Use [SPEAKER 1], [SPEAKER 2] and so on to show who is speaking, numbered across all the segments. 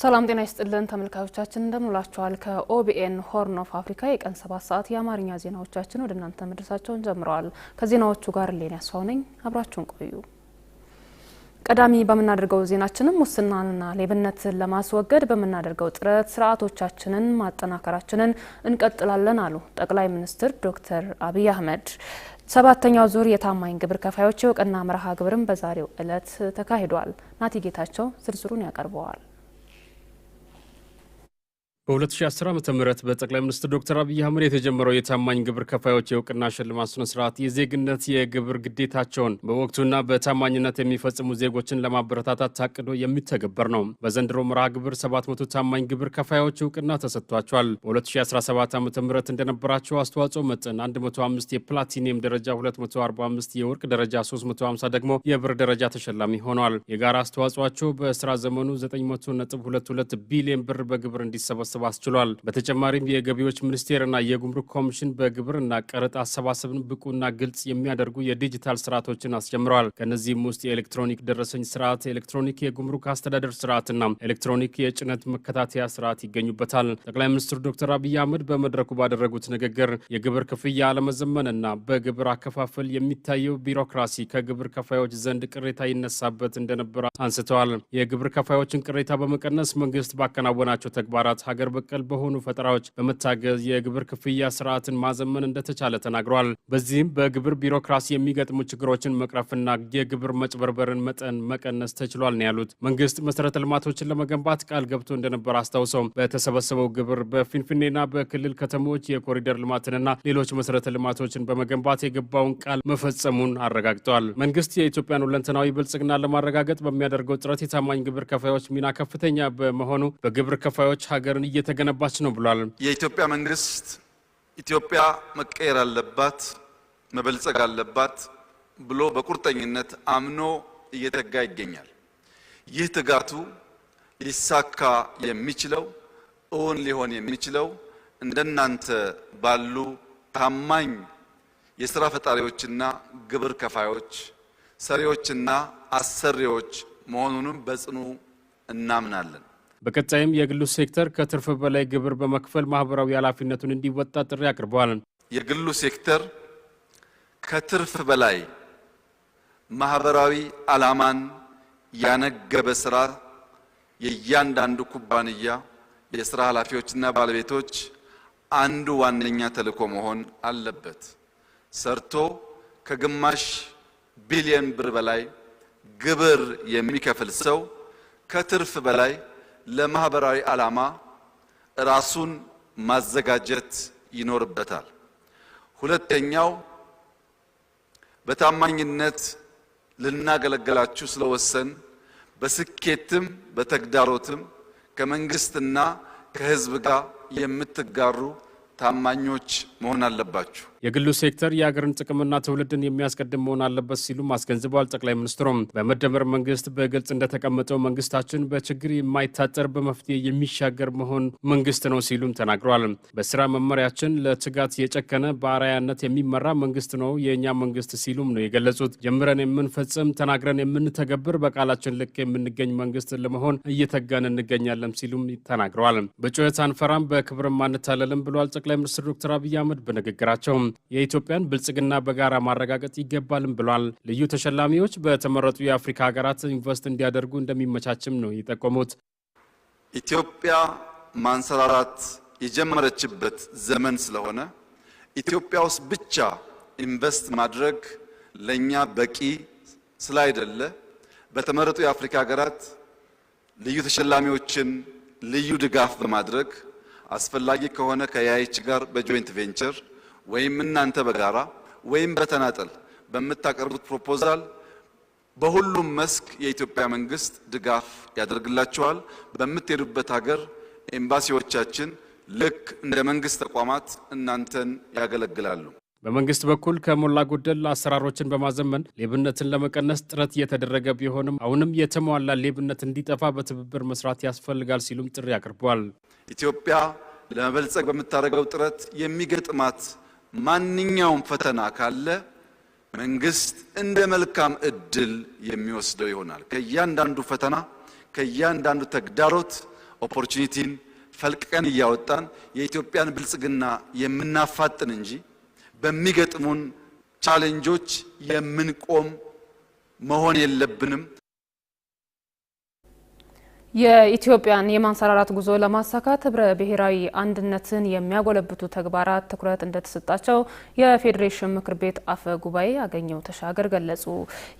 [SPEAKER 1] ሰላም ጤና ይስጥልን ተመልካቾቻችን፣ እንደምንላችኋል። ከኦቢኤን ሆርን ኦፍ አፍሪካ የቀን ሰባት ሰዓት የአማርኛ ዜናዎቻችን ወደ እናንተ መድረሳቸውን ጀምረዋል። ከዜናዎቹ ጋር ሌን ያስፋው ነኝ። አብራችሁን ቆዩ። ቀዳሚ በምናደርገው ዜናችንም ሙስናንና ሌብነትን ለማስወገድ በምናደርገው ጥረት ስርዓቶቻችንን ማጠናከራችንን እንቀጥላለን አሉ ጠቅላይ ሚኒስትር ዶክተር አብይ አህመድ። ሰባተኛው ዙር የታማኝ ግብር ከፋዮች የእውቅና መርሃ ግብርም በዛሬው ዕለት ተካሂዷል። ናቲ ጌታቸው ዝርዝሩን ያቀርበዋል።
[SPEAKER 2] በ2010 ዓ ም በጠቅላይ ሚኒስትር ዶክተር አብይ አህመድ የተጀመረው የታማኝ ግብር ከፋዮች የእውቅና ሽልማት ስነ ስርዓት የዜግነት የግብር ግዴታቸውን በወቅቱና በታማኝነት የሚፈጽሙ ዜጎችን ለማበረታታት ታቅዶ የሚተገበር ነው። በዘንድሮ መርሃ ግብር 700 ታማኝ ግብር ከፋዮች እውቅና ተሰጥቷቸዋል። በ2017 ዓ ም እንደነበራቸው አስተዋጽኦ መጠን 105 የፕላቲኒየም ደረጃ፣ 245 የወርቅ ደረጃ፣ 350 ደግሞ የብር ደረጃ ተሸላሚ ሆኗል። የጋራ አስተዋጽኦቸው በስራ ዘመኑ 9.22 ቢሊዮን ብር በግብር እንዲሰበ እንዲሰበስብ አስችሏል። በተጨማሪም የገቢዎች ሚኒስቴርና የጉምሩክ ኮሚሽን በግብርና ቀረጥ አሰባሰብን ብቁና ግልጽ የሚያደርጉ የዲጂታል ስርዓቶችን አስጀምረዋል። ከእነዚህም ውስጥ የኤሌክትሮኒክ ደረሰኝ ስርዓት፣ ኤሌክትሮኒክ የጉምሩክ አስተዳደር ስርዓትና ኤሌክትሮኒክ የጭነት መከታተያ ስርዓት ይገኙበታል። ጠቅላይ ሚኒስትር ዶክተር አብይ አህመድ በመድረኩ ባደረጉት ንግግር የግብር ክፍያ አለመዘመንና በግብር አከፋፈል የሚታየው ቢሮክራሲ ከግብር ከፋዮች ዘንድ ቅሬታ ይነሳበት እንደነበረ አንስተዋል። የግብር ከፋዮችን ቅሬታ በመቀነስ መንግስት ባከናወናቸው ተግባራት ሀገር በቀል በሆኑ ፈጠራዎች በመታገዝ የግብር ክፍያ ስርዓትን ማዘመን እንደተቻለ ተናግሯል። በዚህም በግብር ቢሮክራሲ የሚገጥሙ ችግሮችን መቅረፍና የግብር መጭበርበርን መጠን መቀነስ ተችሏል ነው ያሉት። መንግስት መሰረተ ልማቶችን ለመገንባት ቃል ገብቶ እንደነበር አስታውሰው በተሰበሰበው ግብር በፊንፊኔና በክልል ከተሞች የኮሪደር ልማትንና ሌሎች መሰረተ ልማቶችን በመገንባት የገባውን ቃል መፈጸሙን አረጋግጠዋል። መንግስት የኢትዮጵያን ሁለንተናዊ ብልጽግና ለማረጋገጥ በሚያደርገው ጥረት የታማኝ ግብር ከፋዮች ሚና ከፍተኛ በመሆኑ በግብር ከፋዮች ሀገርን እየተገነባች ነው ብሏል።
[SPEAKER 3] የኢትዮጵያ መንግስት ኢትዮጵያ መቀየር አለባት፣ መበልጸግ አለባት ብሎ በቁርጠኝነት አምኖ እየተጋ ይገኛል። ይህ ትጋቱ ሊሳካ የሚችለው እውን ሊሆን የሚችለው እንደናንተ ባሉ ታማኝ የስራ ፈጣሪዎችና ግብር ከፋዮች፣ ሰሪዎችና አሰሪዎች መሆኑንም በጽኑ እናምናለን።
[SPEAKER 2] በቀጣይም የግሉ ሴክተር ከትርፍ በላይ ግብር በመክፈል ማህበራዊ ኃላፊነቱን እንዲወጣ ጥሪ አቅርበዋል።
[SPEAKER 3] የግሉ ሴክተር ከትርፍ በላይ ማህበራዊ ዓላማን ያነገበ ስራ የእያንዳንዱ ኩባንያ የስራ ኃላፊዎችና ባለቤቶች አንዱ ዋነኛ ተልዕኮ መሆን አለበት። ሰርቶ ከግማሽ ቢሊዮን ብር በላይ ግብር የሚከፍል ሰው ከትርፍ በላይ ለማህበራዊ ዓላማ ራሱን ማዘጋጀት ይኖርበታል። ሁለተኛው በታማኝነት ልናገለግላችሁ ስለወሰን በስኬትም በተግዳሮትም ከመንግስትና ከህዝብ ጋር የምትጋሩ ታማኞች መሆን አለባችሁ።
[SPEAKER 2] የግሉ ሴክተር የሀገርን ጥቅምና ትውልድን የሚያስቀድም መሆን አለበት ሲሉም አስገንዝበዋል። ጠቅላይ ሚኒስትሩም በመደመር መንግስት በግልጽ እንደተቀመጠው መንግስታችን በችግር የማይታጠር በመፍትሄ የሚሻገር መሆን መንግስት ነው ሲሉም ተናግረዋል። በስራ መመሪያችን ለትጋት የጨከነ በአርአያነት የሚመራ መንግስት ነው የእኛ መንግስት ሲሉም ነው የገለጹት። ጀምረን የምንፈጽም ተናግረን የምንተገብር በቃላችን ልክ የምንገኝ መንግስት ለመሆን እየተጋን እንገኛለን ሲሉም ተናግረዋል። በጩኸት አንፈራም፣ በክብርም አንታለልም ብለዋል ጠቅላይ ሚኒስትር ዶክተር አብይ አህመድ በንግግራቸው። የኢትዮጵያን ብልጽግና በጋራ ማረጋገጥ ይገባልም ብሏል። ልዩ ተሸላሚዎች በተመረጡ የአፍሪካ ሀገራት ኢንቨስት እንዲያደርጉ እንደሚመቻችም ነው የጠቆሙት።
[SPEAKER 3] ኢትዮጵያ ማንሰራራት የጀመረችበት ዘመን ስለሆነ ኢትዮጵያ ውስጥ ብቻ ኢንቨስት ማድረግ ለእኛ በቂ ስላይደለ በተመረጡ የአፍሪካ ሀገራት ልዩ ተሸላሚዎችን ልዩ ድጋፍ በማድረግ አስፈላጊ ከሆነ ከያይች ጋር በጆይንት ቬንቸር ወይም እናንተ በጋራ ወይም በተናጠል በምታቀርቡት ፕሮፖዛል በሁሉም መስክ የኢትዮጵያ መንግስት ድጋፍ ያደርግላችኋል። በምትሄዱበት ሀገር ኤምባሲዎቻችን ልክ እንደ መንግስት ተቋማት እናንተን ያገለግላሉ።
[SPEAKER 2] በመንግስት በኩል ከሞላ ጎደል አሰራሮችን በማዘመን ሌብነትን ለመቀነስ ጥረት እየተደረገ ቢሆንም አሁንም የተሟላ ሌብነት እንዲጠፋ በትብብር መስራት ያስፈልጋል ሲሉም ጥሪ አቅርበዋል።
[SPEAKER 3] ኢትዮጵያ ለመበልጸግ በምታደርገው ጥረት የሚገጥማት ማንኛውም ፈተና ካለ መንግስት እንደ መልካም እድል የሚወስደው ይሆናል። ከእያንዳንዱ ፈተና ከእያንዳንዱ ተግዳሮት ኦፖርቹኒቲን ፈልቀን እያወጣን የኢትዮጵያን ብልጽግና የምናፋጥን እንጂ በሚገጥሙን ቻሌንጆች የምንቆም መሆን የለብንም።
[SPEAKER 1] የኢትዮጵያን የማንሰራራት ጉዞ ለማሳካት ህብረ ብሔራዊ አንድነትን የሚያጎለብቱ ተግባራት ትኩረት እንደተሰጣቸው የፌዴሬሽን ምክር ቤት አፈ ጉባኤ አገኘው ተሻገር ገለጹ።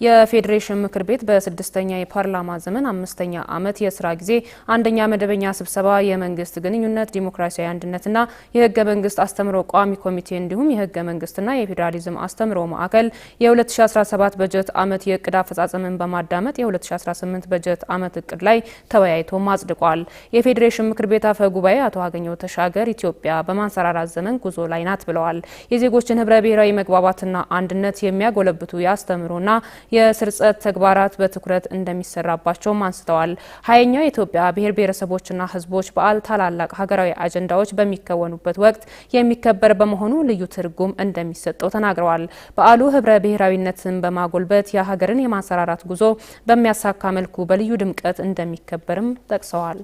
[SPEAKER 1] የፌዴሬሽን ምክር ቤት በስድስተኛ የፓርላማ ዘመን አምስተኛ ዓመት የስራ ጊዜ አንደኛ መደበኛ ስብሰባ የመንግስት ግንኙነት፣ ዲሞክራሲያዊ አንድነትና የህገ መንግስት አስተምሮ ቋሚ ኮሚቴ እንዲሁም የህገ መንግስትና የፌዴራሊዝም አስተምሮ ማዕከል የ2017 በጀት ዓመት የእቅድ አፈጻጸምን በማዳመጥ የ2018 በጀት ዓመት እቅድ ላይ ተወያይቶ አጽድቋል። የፌዴሬሽን ምክር ቤት አፈ ጉባኤ አቶ አገኘው ተሻገር ኢትዮጵያ በማንሰራራት ዘመን ጉዞ ላይ ናት ብለዋል። የዜጎችን ህብረ ብሔራዊ መግባባትና አንድነት የሚያጎለብቱ የአስተምሮና የስርጸት ተግባራት በትኩረት እንደሚሰራባቸውም አንስተዋል። ሀያኛው የኢትዮጵያ ብሔር ብሔረሰቦችና ህዝቦች በዓል ታላላቅ ሀገራዊ አጀንዳዎች በሚከወኑበት ወቅት የሚከበር በመሆኑ ልዩ ትርጉም እንደሚሰጠው ተናግረዋል። በዓሉ ህብረ ብሔራዊነትን በማጎልበት የሀገርን የማንሰራራት ጉዞ በሚያሳካ መልኩ በልዩ ድምቀት እንደሚከበር እንደነበርም ጠቅሰዋል።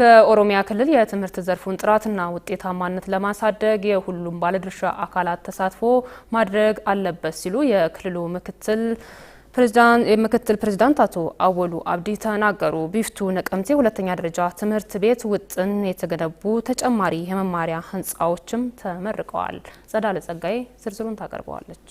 [SPEAKER 1] በኦሮሚያ ክልል የትምህርት ዘርፉን ጥራትና ውጤታማነት ለማሳደግ የሁሉም ባለድርሻ አካላት ተሳትፎ ማድረግ አለበት ሲሉ የክልሉ ምክትል ምክትል ፕሬዚዳንት አቶ አወሉ አብዲ ተናገሩ። ቢፍቱ ነቀምቴ ሁለተኛ ደረጃ ትምህርት ቤት ውጥን የተገነቡ ተጨማሪ የመማሪያ ህንፃዎችም ተመርቀዋል። ጸዳለ ጸጋዬ ዝርዝሩን ታቀርበዋለች።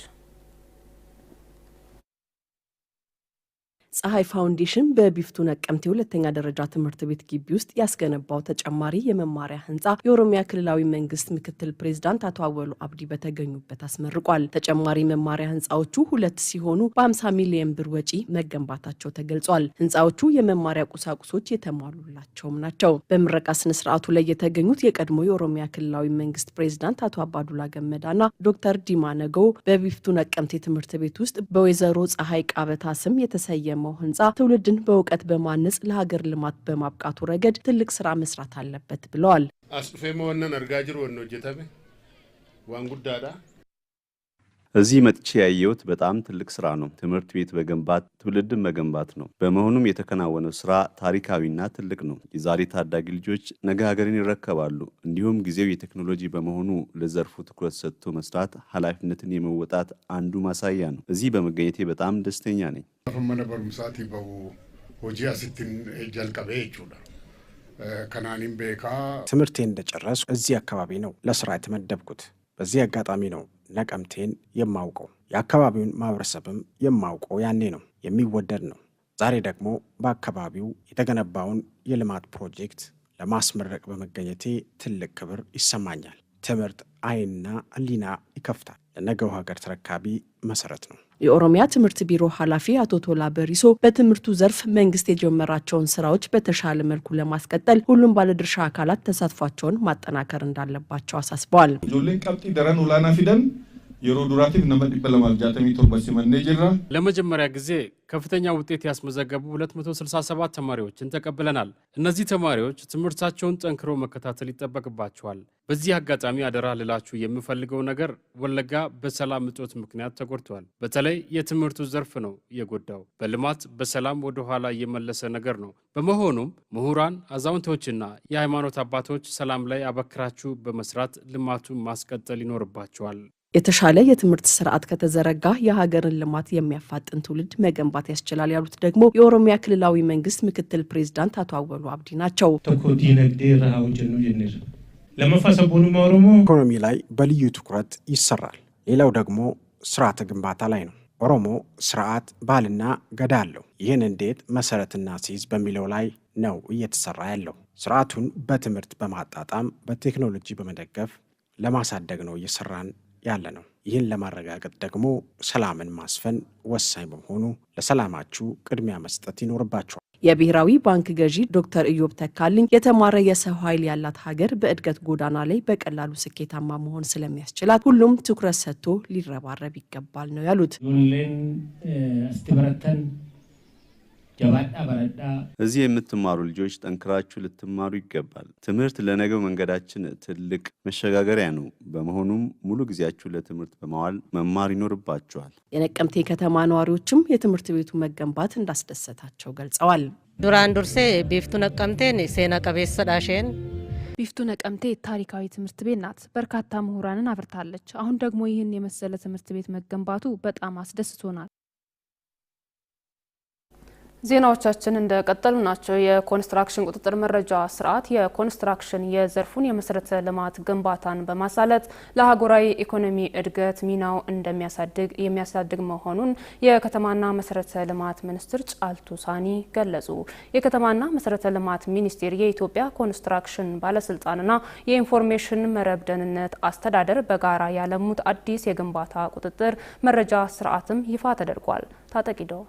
[SPEAKER 1] ፀሐይ ፋውንዴሽን በቢፍቱ ነቀምቴ ሁለተኛ ደረጃ ትምህርት ቤት ግቢ ውስጥ ያስገነባው ተጨማሪ የመማሪያ ህንፃ የኦሮሚያ ክልላዊ መንግስት ምክትል ፕሬዚዳንት አቶ አወሉ አብዲ በተገኙበት አስመርቋል። ተጨማሪ መማሪያ ህንፃዎቹ ሁለት ሲሆኑ በ50 ሚሊየን ብር ወጪ መገንባታቸው ተገልጿል። ህንፃዎቹ የመማሪያ ቁሳቁሶች የተሟሉላቸውም ናቸው። በምረቃ ስነስርዓቱ ላይ የተገኙት የቀድሞ የኦሮሚያ ክልላዊ መንግስት ፕሬዚዳንት አቶ አባዱላ ገመዳና ዶክተር ዲማ ነገው በቢፍቱ ነቀምቴ ትምህርት ቤት ውስጥ በወይዘሮ ፀሐይ ቃበታ ስም የተሰየመ የሰማው ህንፃ ትውልድን በእውቀት በማነጽ ለሀገር ልማት በማብቃቱ ረገድ ትልቅ ስራ መስራት አለበት ብለዋል።
[SPEAKER 4] አስፌ መሆነን እርጋጅር ወኖ እጀተሜ ዋን ጉዳዳ
[SPEAKER 5] እዚህ መጥቼ ያየሁት በጣም ትልቅ ስራ ነው። ትምህርት ቤት መገንባት ትውልድን መገንባት ነው። በመሆኑም የተከናወነው ስራ ታሪካዊና ትልቅ ነው። የዛሬ ታዳጊ ልጆች ነገ ሀገርን ይረከባሉ። እንዲሁም ጊዜው የቴክኖሎጂ በመሆኑ ለዘርፉ ትኩረት ሰጥቶ መስራት ኃላፊነትን የመወጣት አንዱ ማሳያ ነው። እዚህ በመገኘቴ በጣም ደስተኛ ነኝ። ትምህርቴ እንደጨረሱ እዚህ አካባቢ ነው ለስራ የተመደብኩት። በዚህ አጋጣሚ ነው ነቀምቴን የማውቀው። የአካባቢውን ማህበረሰብም የማውቀው ያኔ ነው። የሚወደድ ነው። ዛሬ ደግሞ በአካባቢው የተገነባውን የልማት ፕሮጀክት ለማስመረቅ በመገኘቴ ትልቅ ክብር ይሰማኛል። ትምህርት አይንና ሊና ይከፍታል፣ ለነገው ሀገር ተረካቢ መሰረት ነው።
[SPEAKER 1] የኦሮሚያ ትምህርት ቢሮ ኃላፊ አቶ ቶላ በሪሶ በትምህርቱ ዘርፍ መንግስት የጀመራቸውን ስራዎች በተሻለ መልኩ ለማስቀጠል ሁሉም ባለድርሻ አካላት ተሳትፏቸውን ማጠናከር እንዳለባቸው አሳስበዋል።
[SPEAKER 4] ጆሌን ቀብጢ ደረን ውላና ፊደን የሮ duraatiif nama dhibba lamaaf jaatamii
[SPEAKER 2] ለመጀመሪያ ጊዜ ከፍተኛ ውጤት ያስመዘገቡ 267 ተማሪዎችን ተቀብለናል። እነዚህ ተማሪዎች ትምህርታቸውን ጠንክሮ መከታተል ይጠበቅባቸዋል። በዚህ አጋጣሚ አደራ ልላችሁ የምፈልገው ነገር ወለጋ በሰላም እጦት ምክንያት ተጎድቷል። በተለይ የትምህርቱ ዘርፍ ነው የጎዳው። በልማት በሰላም ወደ ኋላ ነገር ነው። በመሆኑም ምሁራን፣ አዛውንቶችና የሃይማኖት አባቶች ሰላም ላይ አበክራችሁ በመስራት ልማቱን ማስቀጠል ይኖርባቸዋል።
[SPEAKER 1] የተሻለ የትምህርት ስርዓት ከተዘረጋ የሀገርን ልማት የሚያፋጥን ትውልድ መገንባት ያስችላል ያሉት ደግሞ የኦሮሚያ ክልላዊ መንግስት ምክትል ፕሬዚዳንት አቶ አወሉ አብዲ ናቸው።
[SPEAKER 5] ኢኮኖሚ ላይ በልዩ ትኩረት ይሰራል። ሌላው ደግሞ ስርዓተ ግንባታ ላይ ነው። ኦሮሞ ስርዓት ባህልና ገዳ አለው። ይህን እንዴት መሰረትና ሲይዝ በሚለው ላይ ነው እየተሰራ ያለው። ስርዓቱን በትምህርት በማጣጣም በቴክኖሎጂ በመደገፍ ለማሳደግ ነው እየሰራን ያለ ነው። ይህን ለማረጋገጥ ደግሞ ሰላምን ማስፈን ወሳኝ በመሆኑ ለሰላማችሁ ቅድሚያ መስጠት ይኖርባቸዋል።
[SPEAKER 1] የብሔራዊ ባንክ ገዢ ዶክተር እዮብ ተካልኝ የተማረ የሰው ኃይል ያላት ሀገር በእድገት ጎዳና ላይ በቀላሉ ስኬታማ መሆን ስለሚያስችላት ሁሉም ትኩረት ሰጥቶ ሊረባረብ ይገባል ነው ያሉት።
[SPEAKER 5] እዚህ የምትማሩ ልጆች ጠንክራችሁ ልትማሩ ይገባል። ትምህርት ለነገው መንገዳችን ትልቅ መሸጋገሪያ ነው። በመሆኑም ሙሉ ጊዜያችሁ ለትምህርት በማዋል መማር ይኖርባችኋል።
[SPEAKER 1] የነቀምቴ ከተማ ነዋሪዎችም የትምህርት ቤቱ መገንባት እንዳስደሰታቸው ገልጸዋል።
[SPEAKER 6] ዱራን ዱርሴ ቢፍቱ ነቀምቴን ሴና ቀቤስ ዳሼን
[SPEAKER 1] ቢፍቱ ነቀምቴ ታሪካዊ ትምህርት ቤት ናት። በርካታ ምሁራንን አፍርታለች። አሁን ደግሞ ይህን የመሰለ ትምህርት ቤት መገንባቱ በጣም አስደስቶናል። ዜናዎቻችን እንደቀጠሉ ናቸው። የኮንስትራክሽን ቁጥጥር መረጃ ስርዓት የኮንስትራክሽን የዘርፉን የመሰረተ ልማት ግንባታን በማሳለጥ ለአህጉራዊ ኢኮኖሚ እድገት ሚናው እንደሚያሳድግ የሚያሳድግ መሆኑን የከተማና መሰረተ ልማት ሚኒስትር ጫልቱ ሳኒ ገለጹ። የከተማና መሰረተ ልማት ሚኒስቴር የኢትዮጵያ ኮንስትራክሽን ባለስልጣንና የኢንፎርሜሽን መረብ ደህንነት አስተዳደር በጋራ ያለሙት አዲስ የግንባታ ቁጥጥር መረጃ ስርዓትም ይፋ ተደርጓል። ታጠቂደው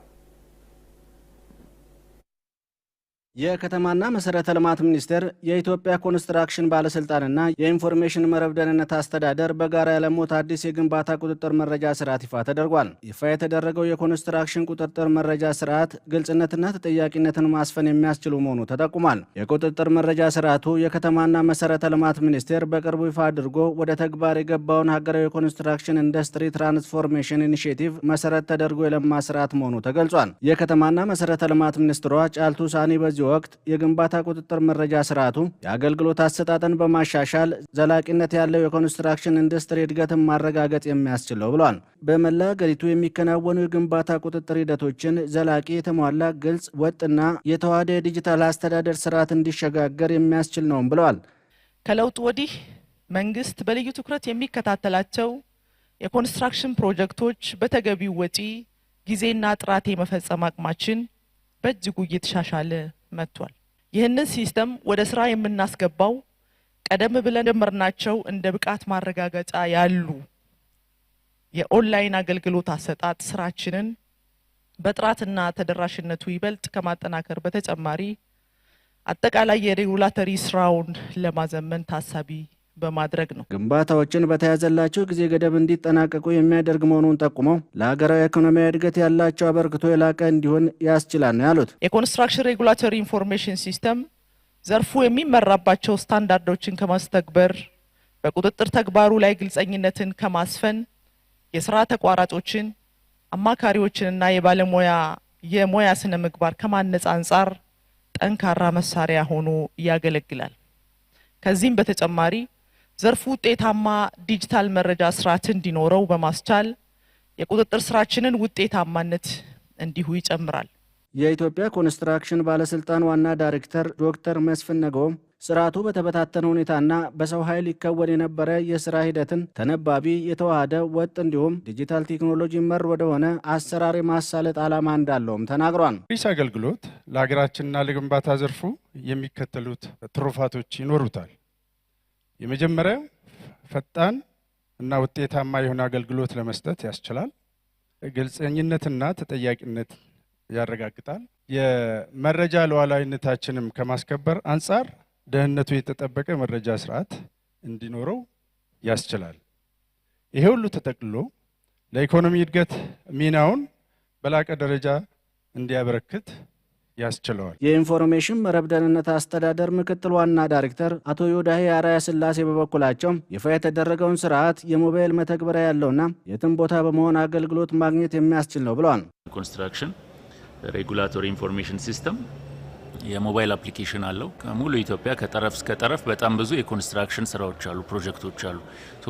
[SPEAKER 1] የከተማና መሰረተ ልማት ሚኒስቴር የኢትዮጵያ ኮንስትራክሽን ባለስልጣንና የኢንፎርሜሽን መረብ ደህንነት አስተዳደር በጋራ ያለሙት አዲስ የግንባታ ቁጥጥር መረጃ ስርዓት ይፋ ተደርጓል። ይፋ የተደረገው የኮንስትራክሽን ቁጥጥር መረጃ ስርዓት ግልጽነትና ተጠያቂነትን ማስፈን የሚያስችሉ መሆኑ ተጠቁሟል። የቁጥጥር መረጃ ስርዓቱ የከተማና መሰረተ ልማት ሚኒስቴር በቅርቡ ይፋ አድርጎ ወደ ተግባር የገባውን ሀገራዊ የኮንስትራክሽን ኢንዱስትሪ ትራንስፎርሜሽን ኢኒሽቲቭ መሰረት ተደርጎ የለማ ስርዓት መሆኑ ተገልጿል። የከተማና መሰረተ ልማት ሚኒስትሯ ጫልቱ ሳኒ በዚ ወቅት የግንባታ ቁጥጥር መረጃ ስርዓቱ የአገልግሎት አሰጣጠን በማሻሻል ዘላቂነት ያለው የኮንስትራክሽን ኢንዱስትሪ እድገትን ማረጋገጥ የሚያስችለው ብሏል። በመላ ሀገሪቱ የሚከናወኑ የግንባታ ቁጥጥር ሂደቶችን ዘላቂ፣ የተሟላ፣ ግልጽ፣ ወጥና የተዋደ የዲጂታል አስተዳደር ስርዓት እንዲሸጋገር የሚያስችል ነውም ብለዋል።
[SPEAKER 7] ከለውጥ ወዲህ መንግስት በልዩ ትኩረት የሚከታተላቸው የኮንስትራክሽን ፕሮጀክቶች በተገቢው ወጪ ጊዜና ጥራት የመፈጸም አቅማችን በእጅጉ እየተሻሻለ መጥቷል። ይህንን ሲስተም ወደ ስራ የምናስገባው ቀደም ብለን ጀመርናቸው እንደ ብቃት ማረጋገጫ ያሉ የኦንላይን አገልግሎት አሰጣጥ ስራችንን በጥራትና ተደራሽነቱ ይበልጥ ከማጠናከር በተጨማሪ አጠቃላይ የሬጉላተሪ ስራውን ለማዘመን ታሳቢ በማድረግ ነው።
[SPEAKER 5] ግንባታዎችን በተያዘላቸው ጊዜ ገደብ እንዲጠናቀቁ የሚያደርግ መሆኑን ጠቁመው ለሀገራዊ ኢኮኖሚያዊ እድገት ያላቸው አበርክቶ የላቀ እንዲሆን ያስችላል ነው ያሉት።
[SPEAKER 7] የኮንስትራክሽን ሬጉላቶሪ ኢንፎርሜሽን ሲስተም ዘርፉ የሚመራባቸው ስታንዳርዶችን ከማስተግበር በቁጥጥር ተግባሩ ላይ ግልጸኝነትን ከማስፈን የስራ ተቋራጮችን አማካሪዎችንና የባለሙያ የሙያ ስነ ምግባር ከማነጽ አንጻር ጠንካራ መሳሪያ ሆኖ ያገለግላል። ከዚህም በተጨማሪ ዘርፉ ውጤታማ ዲጂታል መረጃ ስርዓት እንዲኖረው በማስቻል የቁጥጥር ስራችንን ውጤታማነት እንዲሁ ይጨምራል።
[SPEAKER 5] የኢትዮጵያ ኮንስትራክሽን ባለስልጣን ዋና ዳይሬክተር ዶክተር መስፍን ነጎም ስርዓቱ በተበታተነ ሁኔታና በሰው ኃይል ይከወን የነበረ የስራ ሂደትን ተነባቢ፣ የተዋሃደ፣ ወጥ እንዲሁም ዲጂታል ቴክኖሎጂ መር ወደሆነ አሰራር የማሳለጥ ዓላማ እንዳለውም ተናግሯል።
[SPEAKER 8] ፖሊስ አገልግሎት ለሀገራችንና ለግንባታ ዘርፉ የሚከተሉት ትሩፋቶች ይኖሩታል። የመጀመሪያው ፈጣን እና ውጤታማ የሆነ አገልግሎት ለመስጠት ያስችላል። ግልጸኝነትና ተጠያቂነት ያረጋግጣል። የመረጃ ሉዓላዊነታችንም ከማስከበር አንጻር ደህንነቱ የተጠበቀ መረጃ ስርዓት እንዲኖረው ያስችላል። ይሄ ሁሉ ተጠቅልሎ ለኢኮኖሚ እድገት ሚናውን በላቀ ደረጃ እንዲያበረክት ያስችለዋል።
[SPEAKER 5] የኢንፎርሜሽን መረብ ደህንነት አስተዳደር ምክትል ዋና ዳይሬክተር አቶ ዮዳሄ አራያ ስላሴ በበኩላቸው ይፋ የተደረገውን ስርዓት የሞባይል መተግበሪያ ያለውና የትም ቦታ በመሆን አገልግሎት ማግኘት የሚያስችል ነው ብለዋል።
[SPEAKER 9] ኮንስትራክሽን ሬጉላቶሪ ኢንፎርሜሽን ሲስተም የሞባይል አፕሊኬሽን አለው። ከሙሉ ኢትዮጵያ ከጠረፍ እስከ ጠረፍ በጣም ብዙ የኮንስትራክሽን ስራዎች አሉ፣ ፕሮጀክቶች አሉ።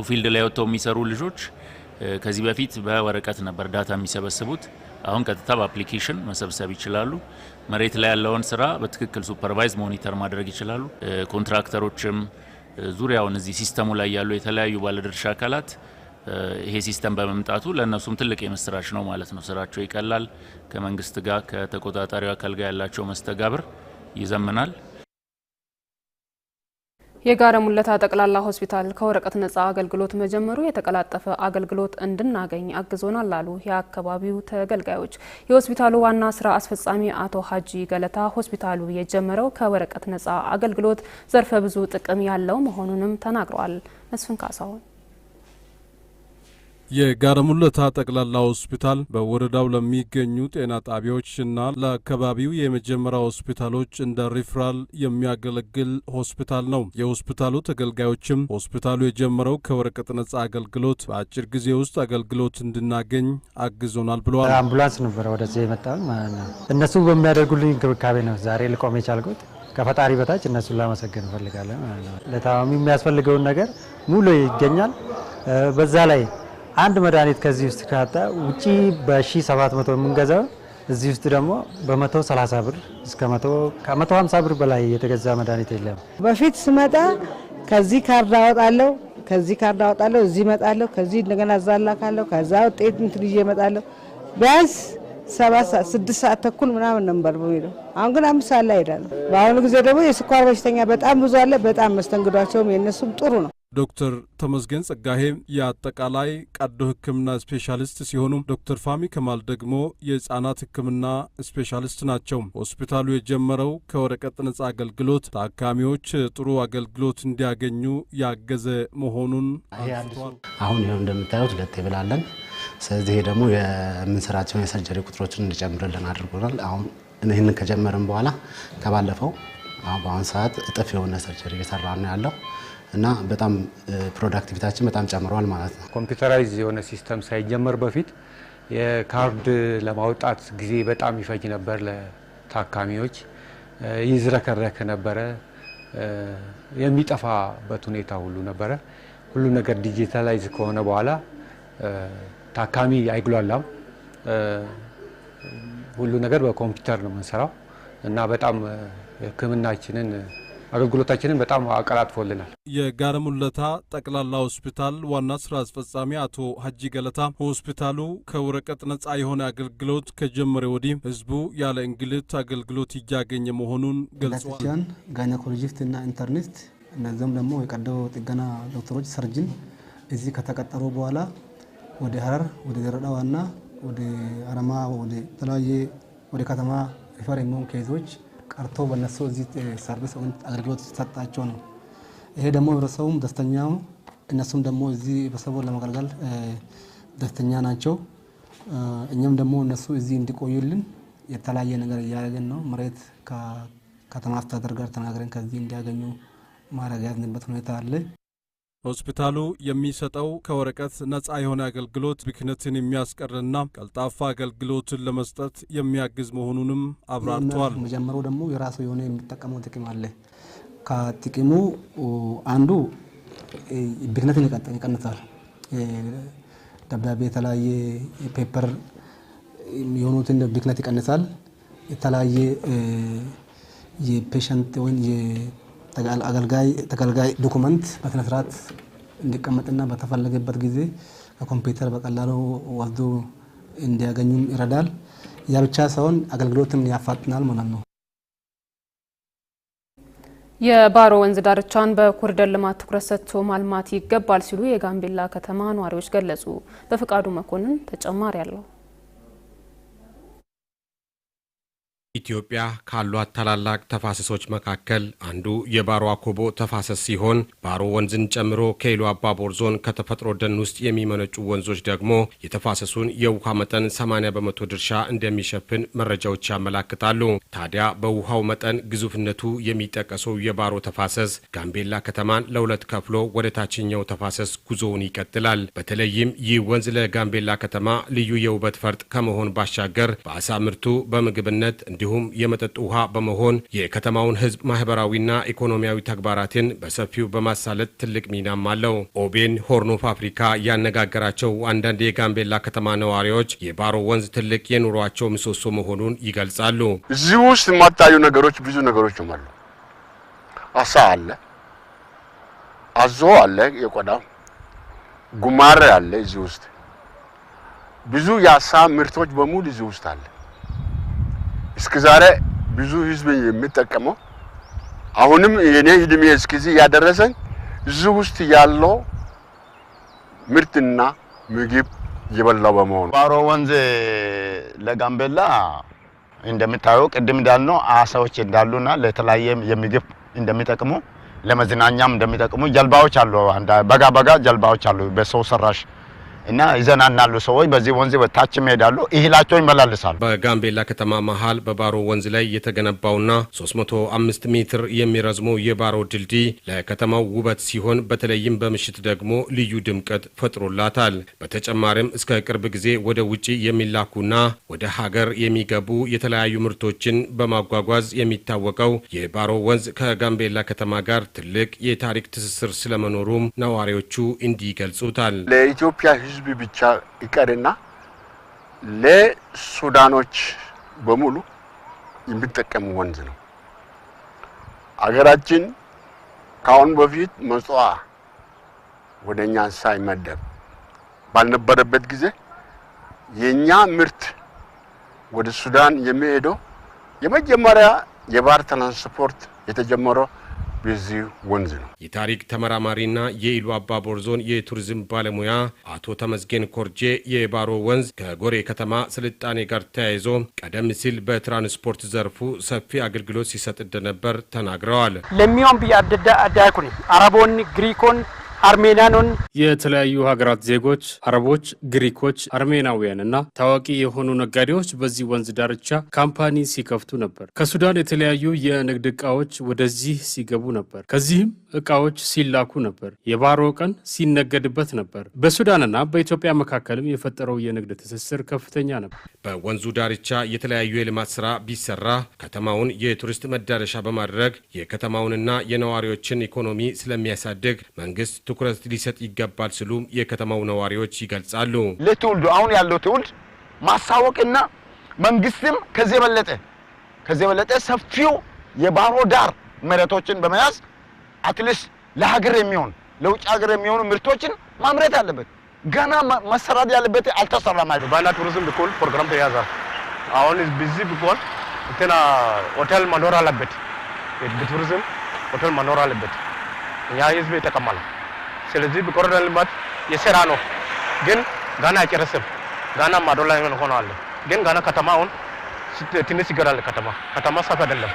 [SPEAKER 9] ፊልድ ላይ ወጥተው የሚሰሩ ልጆች ከዚህ በፊት በወረቀት ነበር ዳታ የሚሰበስቡት። አሁን ቀጥታ በአፕሊኬሽን መሰብሰብ ይችላሉ። መሬት ላይ ያለውን ስራ በትክክል ሱፐርቫይዝ ሞኒተር ማድረግ ይችላሉ። ኮንትራክተሮችም ዙሪያውን እዚህ ሲስተሙ ላይ ያሉ የተለያዩ ባለድርሻ አካላት ይሄ ሲስተም በመምጣቱ ለእነሱም ትልቅ የምስራች ነው ማለት ነው። ስራቸው ይቀላል። ከመንግስት ጋር ከተቆጣጣሪው አካል ጋር ያላቸው መስተጋብር ይዘምናል።
[SPEAKER 1] የጋራ ሙለታ ጠቅላላ ሆስፒታል ከወረቀት ነጻ አገልግሎት መጀመሩ የተቀላጠፈ አገልግሎት እንድናገኝ አግዞናል አሉ የአካባቢው ተገልጋዮች። የሆስፒታሉ ዋና ስራ አስፈጻሚ አቶ ሀጂ ገለታ ሆስፒታሉ የጀመረው ከወረቀት ነጻ አገልግሎት ዘርፈ ብዙ ጥቅም ያለው መሆኑንም ተናግረዋል። መስፍን ካሳሁን
[SPEAKER 8] የጋረሙለታ ጠቅላላ ሆስፒታል በወረዳው ለሚገኙ ጤና ጣቢያዎችና ለአካባቢው የመጀመሪያ ሆስፒታሎች እንደ ሪፍራል የሚያገለግል ሆስፒታል ነው። የሆስፒታሉ ተገልጋዮችም ሆስፒታሉ የጀመረው ከወረቀት ነጻ አገልግሎት በአጭር ጊዜ ውስጥ አገልግሎት እንድናገኝ አግዞናል ብለዋል።
[SPEAKER 10] አምቡላንስ ነበረ ወደዚህ የመጣ እነሱ በሚያደርጉልኝ እንክብካቤ ነው ዛሬ ልቆም የቻልኩት። ከፈጣሪ በታች እነሱን ላመሰገን እንፈልጋለን ለታማሚ የሚያስፈልገውን ነገር ሙሉ ይገኛል። በዛ ላይ አንድ መድኃኒት ከዚህ ውስጥ ካጣ ውጪ በ1700 የምንገዛው እዚህ ውስጥ ደግሞ በ130 ብር እስከ 150 ብር በላይ የተገዛ መድኃኒት የለም።
[SPEAKER 11] በፊት ስመጣ ከዚህ ካርድ አወጣለሁ፣ ከዚህ ካርድ አወጣለሁ፣ እዚህ እመጣለሁ፣ ከዚህ እንደገና እዛ ላካለሁ፣ ከዛ ውጤት እንትን ይዤ እመጣለሁ። ቢያንስ ስድስት ሰዓት ተኩል ምናምን ነበር በሚለው አሁን ግን አምስት ሰዓት ላይ ሄዳለሁ። በአሁኑ ጊዜ ደግሞ የስኳር በሽተኛ በጣም ብዙ አለ። በጣም መስተንግዷቸውም የእነሱም ጥሩ ነው።
[SPEAKER 8] ዶክተር ተመስገን ጸጋሄ የአጠቃላይ ቀዶ ሕክምና ስፔሻሊስት ሲሆኑ ዶክተር ፋሚ ከማል ደግሞ የህፃናት ሕክምና ስፔሻሊስት ናቸው። ሆስፒታሉ የጀመረው ከወረቀት ነጻ አገልግሎት ታካሚዎች ጥሩ አገልግሎት እንዲያገኙ ያገዘ መሆኑን
[SPEAKER 12] አሁን ይኸው እንደምታዩት ሁለት ይብላለን። ስለዚህ ይሄ ደግሞ የምንሰራቸውን የሰርጀሪ ቁጥሮችን እንዲጨምርልን አድርጎናል። አሁን ይህንን ከጀመርን በኋላ ከባለፈው በአሁን ሰዓት እጥፍ የሆነ ሰርጀሪ እየሰራ ነው ያለው እና በጣም ፕሮዳክቲቪታችን በጣም ጨምሯል ማለት
[SPEAKER 13] ነው። ኮምፒውተራይዝ የሆነ ሲስተም ሳይጀመር በፊት የካርድ ለማውጣት ጊዜ በጣም ይፈጅ ነበር ለታካሚዎች፣ ይዝረከረክ ነበረ፣ የሚጠፋበት ሁኔታ ሁሉ ነበረ። ሁሉ ነገር ዲጂታላይዝ ከሆነ በኋላ ታካሚ አይጉላላም። ሁሉ ነገር በኮምፒውተር ነው የምንሰራው እና በጣም ሕክምናችንን አገልግሎታችንን በጣም አቀላጥፎልናል።
[SPEAKER 8] የጋረሙለታ ጠቅላላ ሆስፒታል ዋና ስራ አስፈጻሚ አቶ ሀጂ ገለታ ሆስፒታሉ ከወረቀት ነጻ የሆነ አገልግሎት ከጀመረ ወዲህ ህዝቡ ያለ እንግልት አገልግሎት እያገኘ መሆኑን ገልጸዋል።
[SPEAKER 14] ጋይናኮሎጂስት እና ኢንተርኒስት እነዚም ደግሞ የቀዶ ጥገና ዶክተሮች ሰርጅን እዚህ ከተቀጠሩ በኋላ ወደ ሀረር ወደ ደረዳ ዋና ወደ አረማ ወደ ተለያየ ወደ ከተማ ሪፈር የሚሆን ኬዞች ቀርቶ በነሱ እዚህ ሰርቪስ አገልግሎት ሰጣቸው ነው። ይሄ ደግሞ ህብረተሰቡም ደስተኛ እነሱም ደግሞ እዚህ ህብረተሰቡን ለማገልገል ደስተኛ ናቸው። እኛም ደግሞ እነሱ እዚህ እንዲቆዩልን የተለያየ ነገር እያደረግን ነው። መሬት ከከተማ አስተዳደር ጋር ተናግረን ከዚህ እንዲያገኙ ማድረግ ያዝንበት ሁኔታ አለ።
[SPEAKER 8] ሆስፒታሉ የሚሰጠው ከወረቀት ነጻ የሆነ አገልግሎት ብክነትን የሚያስቀርና ቀልጣፋ አገልግሎትን ለመስጠት የሚያግዝ መሆኑንም አብራርተዋል።
[SPEAKER 14] መጀመሩ ደግሞ የራሱ የሆነ የሚጠቀመው ጥቅም አለ። ከጥቅሙ አንዱ ብክነትን ይቀንሳል። ደብዳቤ የተለያየ ፔፐር የሆኑትን ብክነት ይቀንሳል። የተለያየ የፔሽንት ወይም ተገልጋይ ዶኩመንት በስነስርዓት እንዲቀመጥና በተፈለገበት ጊዜ ከኮምፒውተር በቀላሉ ወስዶ እንዲያገኙም ይረዳል። ያ ብቻ ሳይሆን አገልግሎትም ያፋጥናል ማለት ነው።
[SPEAKER 1] የባሮ ወንዝ ዳርቻን በኮሪደር ልማት ትኩረት ሰጥቶ ማልማት ይገባል ሲሉ የጋምቤላ ከተማ ነዋሪዎች ገለጹ። በፍቃዱ መኮንን ተጨማሪ አለው።
[SPEAKER 2] ኢትዮጵያ ካሏት ታላላቅ ተፋሰሶች መካከል አንዱ የባሮ አኮቦ ተፋሰስ ሲሆን ባሮ ወንዝን ጨምሮ ከኢሉ አባቦር ዞን ከተፈጥሮ ደን ውስጥ የሚመነጩ ወንዞች ደግሞ የተፋሰሱን የውሃ መጠን 80 በመቶ ድርሻ እንደሚሸፍን መረጃዎች ያመላክታሉ። ታዲያ በውሃው መጠን ግዙፍነቱ የሚጠቀሰው የባሮ ተፋሰስ ጋምቤላ ከተማን ለሁለት ከፍሎ ወደ ታችኛው ተፋሰስ ጉዞውን ይቀጥላል። በተለይም ይህ ወንዝ ለጋምቤላ ከተማ ልዩ የውበት ፈርጥ ከመሆን ባሻገር በአሳ ምርቱ በምግብነት እንዲ እንዲሁም የመጠጥ ውሃ በመሆን የከተማውን ህዝብ ማህበራዊና ኢኮኖሚያዊ ተግባራትን በሰፊው በማሳለጥ ትልቅ ሚናም አለው። ኦቤን ሆርኖፍ አፍሪካ ያነጋገራቸው አንዳንድ የጋምቤላ ከተማ ነዋሪዎች የባሮ ወንዝ ትልቅ የኑሯቸው ምሰሶ መሆኑን ይገልጻሉ።
[SPEAKER 15] እዚህ ውስጥ የማታዩ ነገሮች ብዙ ነገሮች አሉ። አሳ አለ፣ አዞ አለ፣ የቆዳ ጉማሬ አለ። እዚህ ውስጥ ብዙ የአሳ ምርቶች በሙሉ እዚህ ውስጥ አለ። እስከዛሬ ብዙ ህዝብ የሚጠቀመው አሁንም የኔ እድሜ እስከዚህ ያደረሰኝ እዚህ ውስጥ ያለው ምርትና ምግብ እየበላው በመሆኑ
[SPEAKER 16] ባሮ ወንዝ ለጋምቤላ እንደምታየው ቅድም እንዳልነው አሳዎች እንዳሉና ለተለያየ የምግብ እንደሚጠቅሙ ለመዝናኛም እንደሚጠቅሙ ጀልባዎች አሉ። በጋ በጋ ጀልባዎች አሉ በሰው ሰራሽ እና ይዘናናሉ። ሰዎች በዚህ ወንዝ በታች ይሄዳሉ፣ እህላቸውን ይመላልሳሉ።
[SPEAKER 2] በጋምቤላ ከተማ መሀል በባሮ ወንዝ ላይ የተገነባውና 305 ሜትር የሚረዝመው የባሮ ድልድይ ለከተማው ውበት ሲሆን በተለይም በምሽት ደግሞ ልዩ ድምቀት ፈጥሮላታል። በተጨማሪም እስከ ቅርብ ጊዜ ወደ ውጭ የሚላኩና ወደ ሀገር የሚገቡ የተለያዩ ምርቶችን በማጓጓዝ የሚታወቀው የባሮ ወንዝ ከጋምቤላ ከተማ ጋር ትልቅ የታሪክ ትስስር ስለመኖሩም ነዋሪዎቹ እንዲህ ይገልጹታል።
[SPEAKER 15] ለኢትዮጵያ ህዝብ ብቻ ይቀርና ለሱዳኖች በሙሉ የሚጠቀም ወንዝ ነው። አገራችን ከአሁን በፊት መጽዋ ወደ እኛ ሳይመደብ ባልነበረበት ጊዜ የእኛ ምርት ወደ ሱዳን የሚሄደው የመጀመሪያ የባህር ትራንስፖርት የተጀመረው የዚህ ወንዝ ነው።
[SPEAKER 2] የታሪክ ተመራማሪና የኢሉ አባቦር ዞን የቱሪዝም ባለሙያ አቶ ተመዝጌን ኮርጄ የባሮ ወንዝ ከጎሬ ከተማ ስልጣኔ ጋር ተያይዞ ቀደም ሲል በትራንስፖርት ዘርፉ ሰፊ አገልግሎት ሲሰጥ እንደነበር ተናግረዋል።
[SPEAKER 7] ለሚሆን ብዬ አዳኩኒ አረቦን ግሪኮን አርሜናኑን
[SPEAKER 2] የተለያዩ ሀገራት ዜጎች አረቦች፣ ግሪኮች፣ አርሜናውያን እና ታዋቂ የሆኑ ነጋዴዎች በዚህ ወንዝ ዳርቻ ካምፓኒ ሲከፍቱ ነበር። ከሱዳን የተለያዩ የንግድ እቃዎች ወደዚህ ሲገቡ ነበር። ከዚህም እቃዎች ሲላኩ ነበር። የባሮ ቀን ሲነገድበት ነበር። በሱዳንና በኢትዮጵያ መካከልም የፈጠረው የንግድ ትስስር ከፍተኛ ነበር። በወንዙ ዳርቻ የተለያዩ የልማት ስራ ቢሰራ ከተማውን የቱሪስት መዳረሻ በማድረግ የከተማውንና የነዋሪዎችን ኢኮኖሚ ስለሚያሳድግ መንግስት ትኩረት ሊሰጥ ይገባል ሲሉ የከተማው ነዋሪዎች ይገልጻሉ።
[SPEAKER 15] ለትውልዱ አሁን ያለው ትውልድ ማሳወቅና መንግስትም ከዚህ የበለጠ ከዚህ የበለጠ ሰፊው የባሮ ዳር መሬቶችን በመያዝ አትሊስ ለሀገር የሚሆን ለውጭ ሀገር የሚሆኑ ምርቶችን ማምረት አለበት። ገና መሰራት ያለበት አልተሰራም።
[SPEAKER 17] ማለት ባህልና ቱሪዝም ብኮል ፕሮግራም ተያዘ። አሁን በዚህ ብኮል እንትና ሆቴል መኖር አለበት። ቱሪዝም ሆቴል መኖር አለበት። እኛ ህዝብ ይጠቀማል። ስለዚህ በኮሪደር ልማት የሰራ ነው፣ ግን ጋና አይጨርስም። ጋና ማዶላ ይሆን ሆኗል። ግን ጋና ከተማውን ትንሽ ይገራል። ከተማ ከተማ ሰፍ አይደለም፣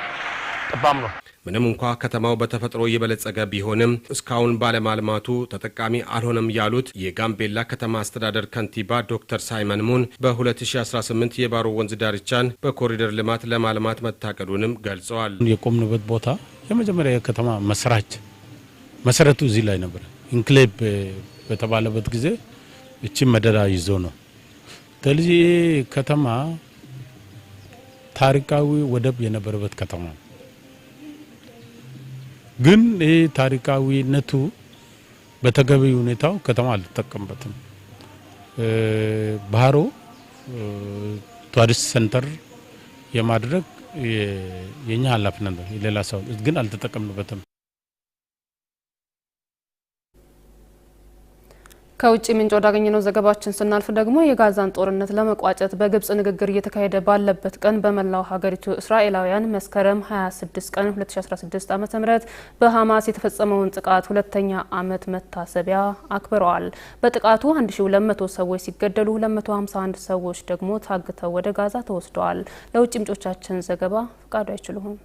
[SPEAKER 17] ጠባም ነው።
[SPEAKER 2] ምንም እንኳ ከተማው በተፈጥሮ የበለጸገ ቢሆንም እስካሁን ባለማልማቱ ተጠቃሚ አልሆነም ያሉት የጋምቤላ ከተማ አስተዳደር ከንቲባ ዶክተር ሳይመን ሙን በ2018 የባሮ ወንዝ ዳርቻን በኮሪደር ልማት ለማልማት መታቀዱንም ገልጸዋል።
[SPEAKER 18] የቆምንበት ቦታ የመጀመሪያ የከተማ መስራች መሰረቱ እዚህ ላይ ነበር። ኢንክሌብ በተባለበት ጊዜ እቺ መደራ ይዞ ነው። ስለዚህ ይሄ ከተማ ታሪካዊ ወደብ የነበረበት ከተማ ግን ይሄ ታሪካዊነቱ በተገቢ ሁኔታው ከተማ አልተጠቀምበትም። ባህሮ ቱሪስት ሴንተር የማድረግ የኛ ኃላፊነት ነው። የሌላ ሰው ግን አልተጠቀምበትም።
[SPEAKER 1] ከውጭ ምንጭ ወዳገኘነው ዘገባችን ስናልፍ ደግሞ የጋዛን ጦርነት ለመቋጨት በግብጽ ንግግር እየተካሄደ ባለበት ቀን በመላው ሀገሪቱ እስራኤላውያን መስከረም 26 ቀን 2016 ዓ.ም በሐማስ የተፈጸመውን ጥቃት ሁለተኛ ዓመት መታሰቢያ አክብረዋል። በጥቃቱ 1200 ሰዎች ሲገደሉ 251 ሰዎች ደግሞ ታግተው ወደ ጋዛ ተወስደዋል። ለውጭ ምንጮቻችን ዘገባ ፈቃዱ አይችልሁም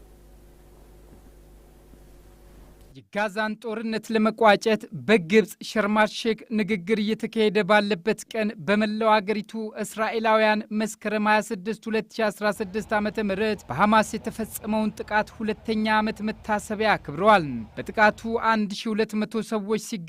[SPEAKER 1] የጋዛን ጦርነት ለመቋጨት በግብፅ ሸርማሼክ ንግግር እየተካሄደ ባለበት ቀን በመላው አገሪቱ እስራኤላውያን መስከረም 26 2016 ዓ ም በሐማስ የተፈጸመውን ጥቃት ሁለተኛ ዓመት መታሰቢያ አክብረዋል። በጥቃቱ 1200 ሰዎች ሲገ